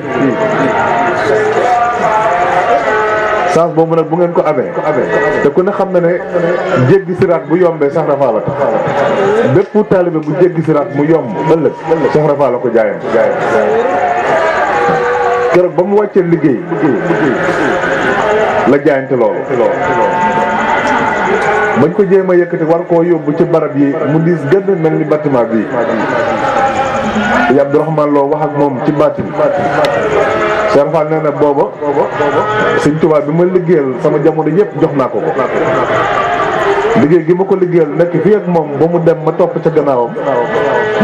chance boobu nag bu ngeen ko abe te ku ne xam na ne jéggi siraat bu yombee sax Ibra Fall la ko bépp taalibe bu jéggi siraat mu yomb ëllëg Cheikh Ibra Fall la ko jaayam keroog ba mu wàccee liggéey la jaayante loolu bañ ko jéem a yëkkati war koo yóbbu ci barab yi mu diis gën mel ni bâtiment bi sëñ Abdourahmane wax ak moom ci baatin Cheikh Fall nee na booba sëñ tubaab bi ma liggéeyal sama jamono yëpp jox naa ko ko liggéey gi ma ko liggéeyal nekk fii ak moom ba mu dem ma topp ca gannaawam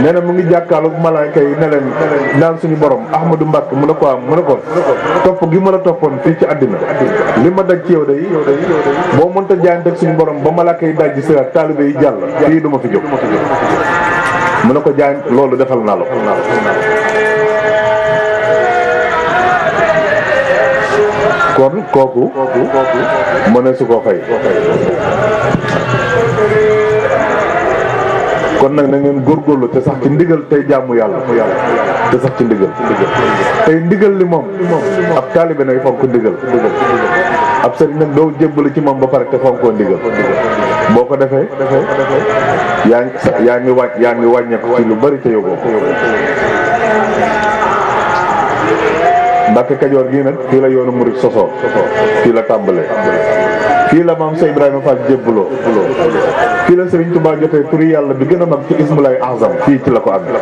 nee na mu ngi jàkkaarloog malaayka yi ne leen naan suñu borom Ahmadou Mbacke mu ne ko am mu ne ko topp gi ma la toppoon fii ci àddina li ma daj ci yow day boo mënta jaayanteeg suñu borom ba malaayka yi daj si taalibe yi jàll fii du ma fi jóg mu ne ko jaay loolu defal naa la kon kooku mëne su ko fay kon nag na ngeen góor góorlu te sax ci ndigal tey jaamu yàlla mu yàlla te sax ci ndigal tey ndigal li moom ab taalibe nag fonk ndigal ab sëriñ nag doo jébbalu ci moom ba pare te fonkoo ndigal boo ko defee yaa ngi yaa ngi wàññ yaa ngi wàññeeku ci lu bari te ko Mbàkke Kajoor gii nag fii la yoonu murit sosoo fii la tàmbalee fii la maam Seydou Ibrahima Fall jébbaloo fii la Serigne Touba jotee turi yàlla bi gën a mag ci ismulaay azam fii ci la ko amee.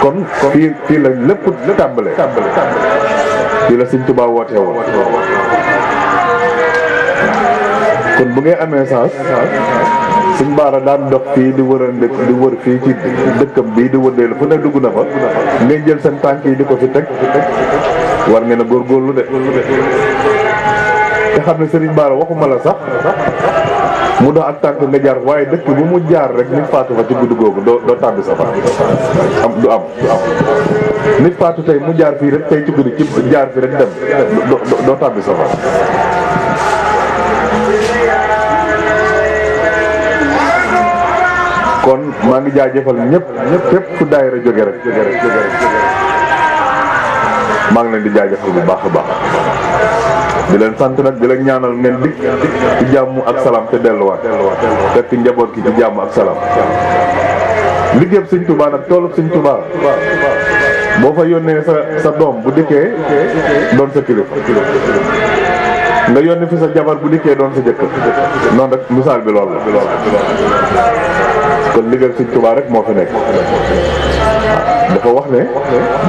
kon fii la lépp la tàmbalee fii la Serigne Touba wootee woon kon bu ngay amee sens. suñ baara daan dox fii di wërande di wër fii ci dëkkam bii di wëndeelu fu ne dugg na fa ngay jël seen tànk yi di ko fi teg war ngeen a góorgóorlu de te xam ne sëriñ baara waxuma la sax mu dox ak tànk nga jaar waaye dëkk bu mu jaar rek nit faatu fa ci guddi googu doo doo tàbbi sa am du am nit faatu tey mu jaar fii rek tey ci guddi ci jaar fi rek dem doo tàbbi sa maa ngi jaajëfal ñëpp képp fu daayira joge rek joge rek joge rek mang leen di jaajëfal bu baaxa baax di leen sant nak di leen ñaanal ngeen dik ci jamm ak salam te delu delluwaat fekk njabot ki ci jamm ak salam liggéeyam seigne touba nak tolu seigne touba bo fa yonne sa sa dom bu dikke don sa kilifa nga yonne fi sa jabar bu dikke don sa jekk non rek musal bi lol la kon ndigal sëñ Tuubaa rek moo fi nekk dafa wax ne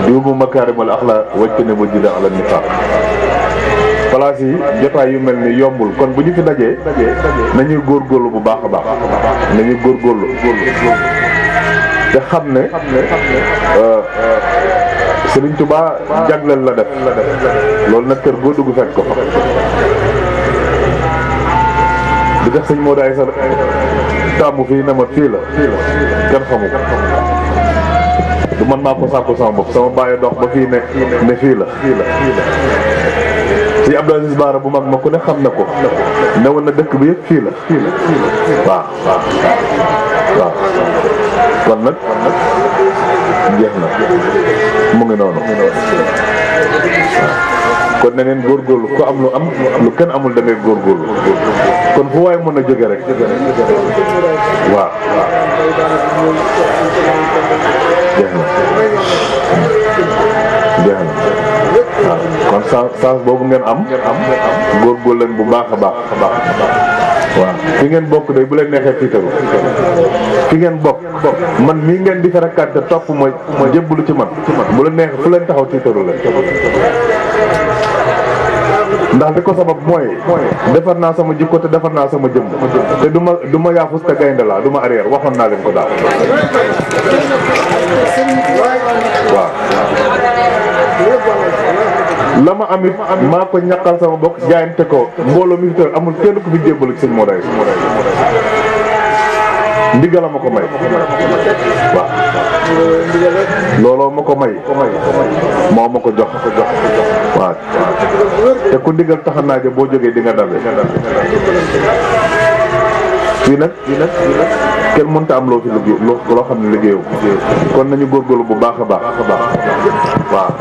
duubu makaarimal axlaa wàcc ne bu jida ala nifaaq place yi jotaay yu mel ni yombul kon bu ñu fi dajee nañuy góorgóorlu bu baax a baax nañuy góor góorgóorlu te xam ne euh, Sëriñ Tuubaa jagleel la def loolu nag kër goo dugg fekk ko fa li tax sëñ moo daay sa tàmm fii ne ma fii la kenn xamu ko du man maa ko sàkku sama bopp sama bàyyi ba fii ne ne fii la si Abdou Aziz Baara bu mag ma ku ne xam na ko ne dëkk bi fii la waaw mu ngi noonu kon na góor góorgóorlu ku am lu am lu kenn amul da ngay góorgóorlu kon fu waaye mën a jóge rek waaw jeex na jeex kon sens sens boobu ngeen am. am góorgóorlu lañ bu baax a baax a baax waaw fi ngeen bokk day bu leen neexee tiitaru fi ngeen bokk man mii ngeen di farakante topp mooy. mooy lu ci man. bu la neex fu leen taxaw tiitaru la ndax di ko sabab mooy defar naa sama jikko te defar naa sama jëmm te du ma du ma yaafus te gaynde laa du ma arrière waxoon naa leen ko daal waaw la ma am it maa ko ñaqal sama bokk jaayante ko mbooloo mi fi amul kenn ku fi jébbalu ci sëñ moo ndigal ma ko may waaw looloo ma may moo jox ko te ku ndigal taxa naaje boo jógee di nga dabe fii nag fii nag kenn mënta am loo fi liggéey loo xam ne liggéeyu kon nañu góorgóorlu bu baax a baax a baax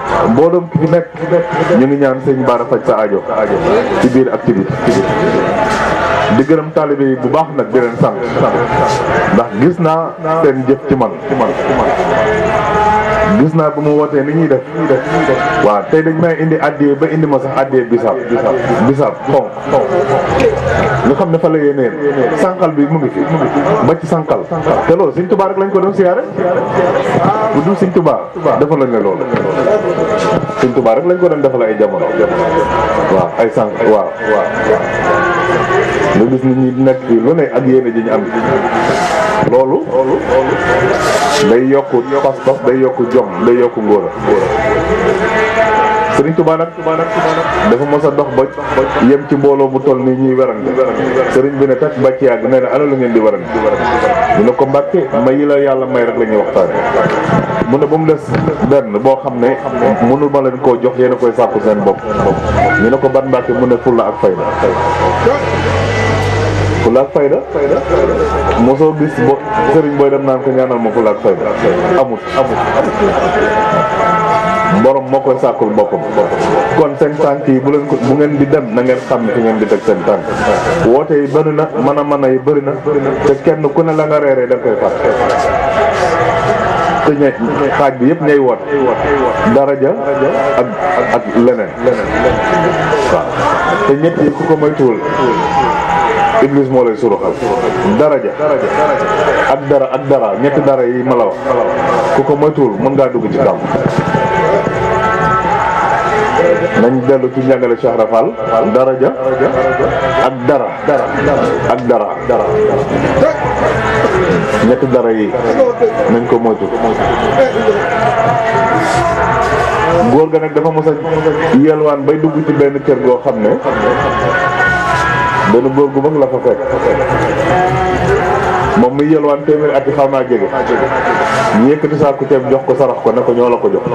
fi ñu ngi ñaan Bara sa aajo ci biir activité di gërëm taalibe yi bu baax nag di leen sant ndax gis naa seen jëf ci man ci man gis naa bu mu wootee ni ñuy def waa tey dañ may indi addiyee ba indi ma sax addiyee bisaab bisaab xonq nga xam ne fa la yéeneen sànqal bi mu ngi fi ba ci sanqal te loolu Sëñ Tuubaa rek lañ ko dem siyaare bu dul Sëñ Tuubaa defal lañ la loolu Sëñ Tuubaa rek lañ ko dem defal ay jamono waaw ay sànq waaw waaw lu gis nit ñi nekk lu ne ak yene ji ñu am lolu day yok pas pas day yok jom day yok ngor serigne tuba nak tuba tuba nak nak dafa mësa dox ba yem ci mbolo bu toll ni ñi wérang serigne bi ne tak ba ci yag ne ala lu ngeen di wérang mu ne ko mbacke may la yalla may rek lañu waxtaan mu ne bu mu dess ben bo xamne mënul ma leen ko jox yene koy sappu seen bop ñu ne ko ban mbacke mu ne fulla ak fayda kulak ak fayda mosoo gis bo sëriñ booy dem naan ko ñaanal ma fulla fayda amul amul borom moo koy sàkkul kon seen tànk bu leen bu ngeen di dem na ngeen xam fi ngeen di teg seen tànk yi na yi na te kenn ku ne la nga da koy te ñe bi ñay daraja ak ak leneen te ñett yi ku ko Iblis moo lay suruxal daraja ak dara ak dara ñetti dara yi ma la wax ku ko moytuwul mën ngaa dugg ci kàmb nañ dellu ci njàngale Cheikh Rafal daraja ak dara ak dara yi nañ ko moytu góor ga nag dafa mos a yelwaan bay dugg ci benn kër goo xam ne benn góor gu mag la fa fekk moom muy yelwaan téeméeri at yi xaw naa jege ñu yëkkati saako ceeb jox ko sarax ko ne ko ñoo la ko jox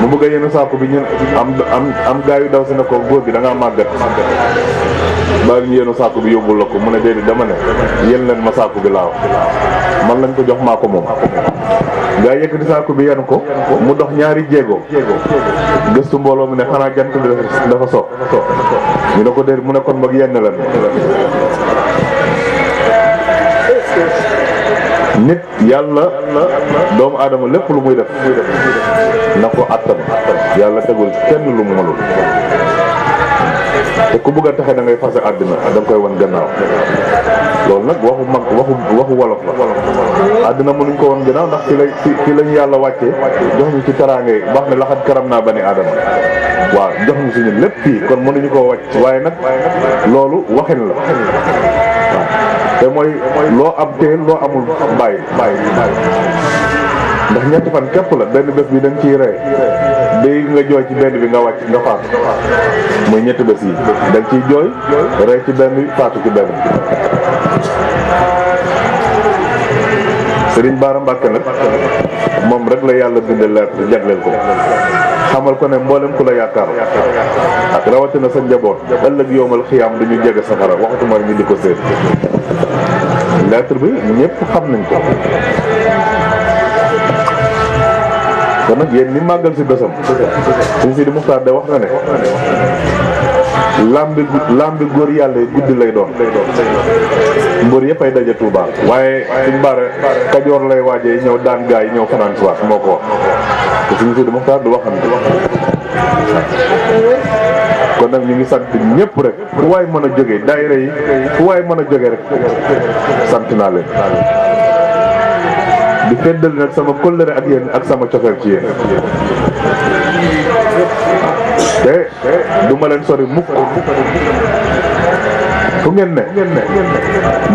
mu bëgg a yenn saako bi ñun am am am gaa yu daw si ne ko góor bi danga ngaa màggat bàyyi ñu yenn saako bi yóbbul la ko mu ne déedéet dama ne yéen leen ma saako bi laaw man lañ ko jox maa ko moom gaa di saako bi yan ko mu dox ñaari jéego gëstu mbooloo mu ne xanaa jant bi dafa so ñu ne ko déet mu ne kon mag yenn lan nit yàlla doomu adama lépp lu muy def na ko attan yàlla tegul kenn lu mu mënul te ku bëgga a taxe da ngay fase àddina da nga koy wan gannaaw loolu nag waxu mag waxu waxu wolof la àddina mënuñ ko wan gannaaw ndax ci la ci lañu yàlla wàcce jox ñu ci taraange baax ne laxat karam naa bani aadama waaw jox ñu suñu lépp fii kon mënuñu koo wàcc waaye nag loolu waxin la waaw te mooy loo am teel loo amul bàyyi bàyyi ndax ñetti fan képp la benn bés bi dañ ciy ree day nga jooy ci benn bi nga wàcc nga faatu muy ñetti bés yi da ciy jooy rey ci benn bi faatu ci benn Sëriñ Baara Mbàkke nag moom rek la yàlla bindal leer jagleel ko xamal ko ne mboolem ku la yaakaar ak rawatina sa njaboot ëllëg yowmal xiyaam du ñu jege safara waxatuma ñu di ko séen lettre bi ñëpp xam nañ ko kon nag yéen ni màggal si bésam suñ si di muxtaar wax na ne lambi lambi góor yàlla guddi lay doon mbër yëpp ay daje Touba waaye suñ bare kajoor lay waajee ñëw daan gaa yi ñëw fanaan si waat di muxtaar du waxante kon ñu ngi sant rek fu daayira yi fu rek sant leen di feddal nag sama kóllëre ak yéen ak sama cofeel ci yéen te du ma leen sori mukk fu ngeen ne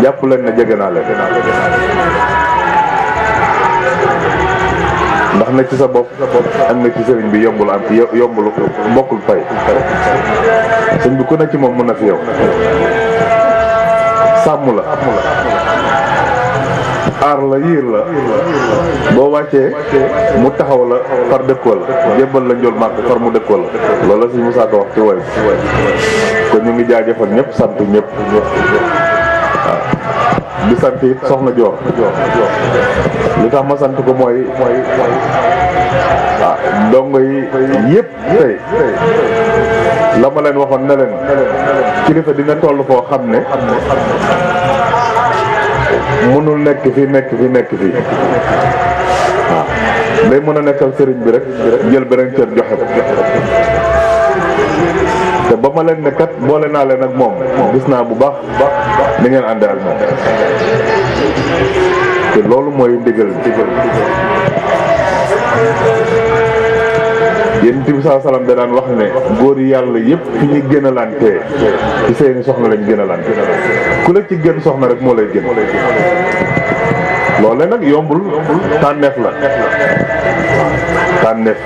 jàpp leen na jege naa leen ndax na ci sa bopp ak na ci sëriñ bi yombul am yombul bokkul fay sëñ bi ku ne ci moom mën a fi yow sàmm la ar la yir la bo wacce mu taxaw la far ko la jebal la njool mak far mu ko la loolu la si Moussa ko wax ci way ko ñu ngi jaajeufal ñep sant ñep di sant yi soxna Dior li tax ma sant ko moy moy ndongo yep tay lama len waxon na len kilifa dina tollu foo xamne mënul nekk fii nekk fii nekk fii waaw mën a nekkal sëriñ bi rek jël beneen cër joxe ko ba ma leen ne kat naa leen ak moom gis naa bu baax baax ni ngeen àndee ak moom te loolu mooy ndigal ndigal yéen bi saa salaam da daan wax ne góor yi yàlla yëpp fi ñu gën a lantee ci seeni soxna lañ gën a ku la ci gën soxna rek moo lay gën loole nag yombul tànneef la tànneef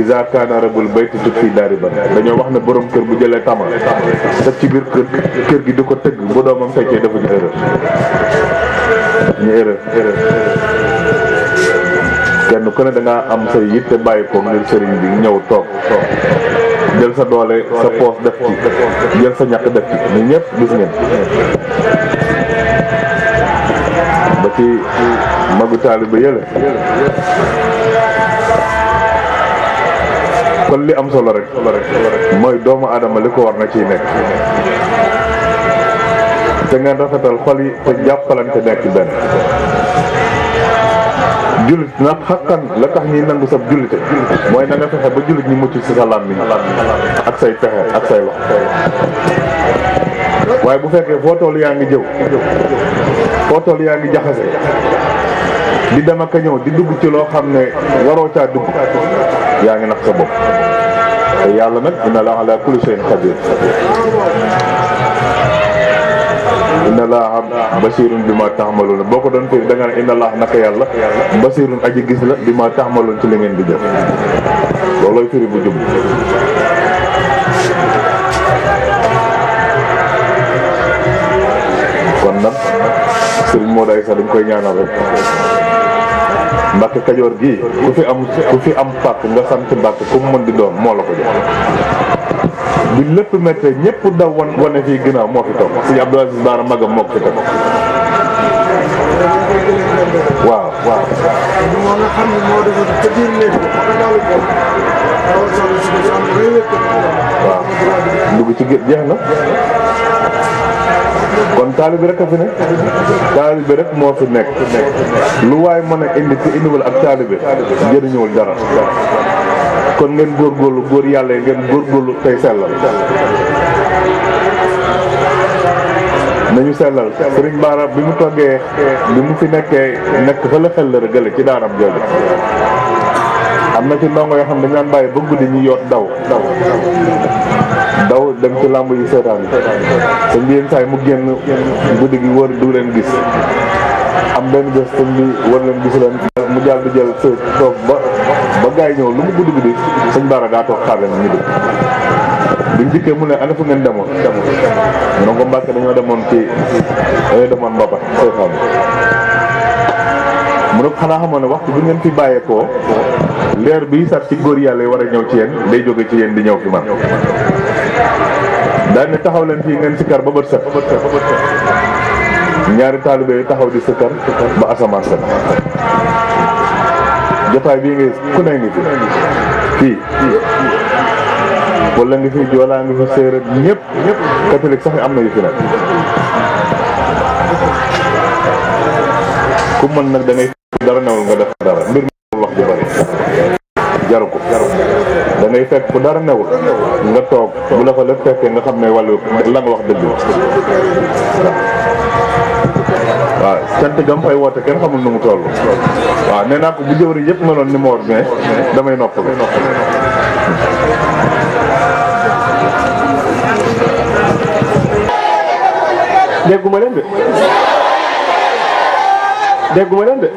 isa kaana rabul bayti tut fii daari dañoo wax ne borom kër bu jëlee tama def ci biir kër kër gi di ko tëgg bu doomam feccee dafa ñu erreur ñu erreur kenn ku ne da nga am sey yitte bàyyi ko ngir sëriñ bi ñëw tok jël sa doole sa poos def ci jël sa ñak def ci ñun ñëpp gis ngeen ba ci magu taaliba ya, yele kon li am solo rek solo rek moy doomu adama liko war na ci nek te ngeen rafetal xol yi te jàppalante nekk benn jullit nag xaqan la tax ñi nangu sab jullite mooy na nga fexe ba jullit ñi mucc ci sa làmmiñ ak say pexe ak say wax waaye bu fekkee foo toll yaa ngi jëw foo toll yaa ngi jaxase di dem ak ñëw di dugg ci loo xam ne waroo caa dugg yaa ngi nax sa bopp te yàlla nag inna la ala kulli shay'in qadir inna laaha basirun bima ta'malun boko don fi da nga inna laaha naka yalla basirun aji gis la bima ta'malun ci li ngeen di def lolou turi bu jub kon nak serigne moday sa dañ koy ñaanal rek mbàkk kajoor gi ku fi am ku fi am pàkk nga sant mbàkk ku mën di doon moo la ko jox bi lépp métte ñëpp daw wan wane fii moo fi toog sëñ Abdou Aziz Baara moo fi toog waaw waaw waaw dugg ci jeex na kon taalib bi rek a fi ne taalib bi rek moo fi nekk lu waay mën a indi te indiwul ak taalib jëriñuwul dara kon ngeen góorlu góor yàlla yi ngeen góorgóorlu tey sellal nañu sellal sëriñ Baara bi mu toggee bi mu fi nekkee nekk fa la xel la gële ci daaram jooju am na ci ndongo yoo xam ne daan bàyyi ba guddi ñu yoot daw daw daw ci làmb yu seetaan yi te yenn saa yi mu génn guddi gi wër du leen gis am benn bés sëñ bi wër leen gis leen mu jàll di jël toog ba ba gars yi ñëw lu mu guddi guddi sëñ Bara daa toog xaar leen ñu dugg biñ dikkee mu ne ana fu ngeen demoon demoon ñu ne ko Mbàkke dañoo ci dañoo demoon Mbaba mu ne xanaa xamoon ne waxtu bi ngeen fi bàyyeekoo leer bi sat ci góor yàlla yi war a ñëw ci yéen day jóge ci yéen di ñëw fi man daan ne taxaw leen fii ngeen sikkar ba bët set ñaari taalibe yi taxaw di sikkar ba asamaan set jotaay bii nga ku ne ngi fi fii wala ngi fi joolaa ngi fi séeréer ñëpp ñëpp catholique sax am na yu fi nag ku mën nag da fekk dara newul nga toog bu la fa lépp fekkee nga xam ne wàllu la wax dëgg waaw cant gam fay woote kenn xamul nu mu toll. waaw nee naa ko bu jëwri yëpp meloon ni ma war damay noppal. dégguma leen de dégguma leen de.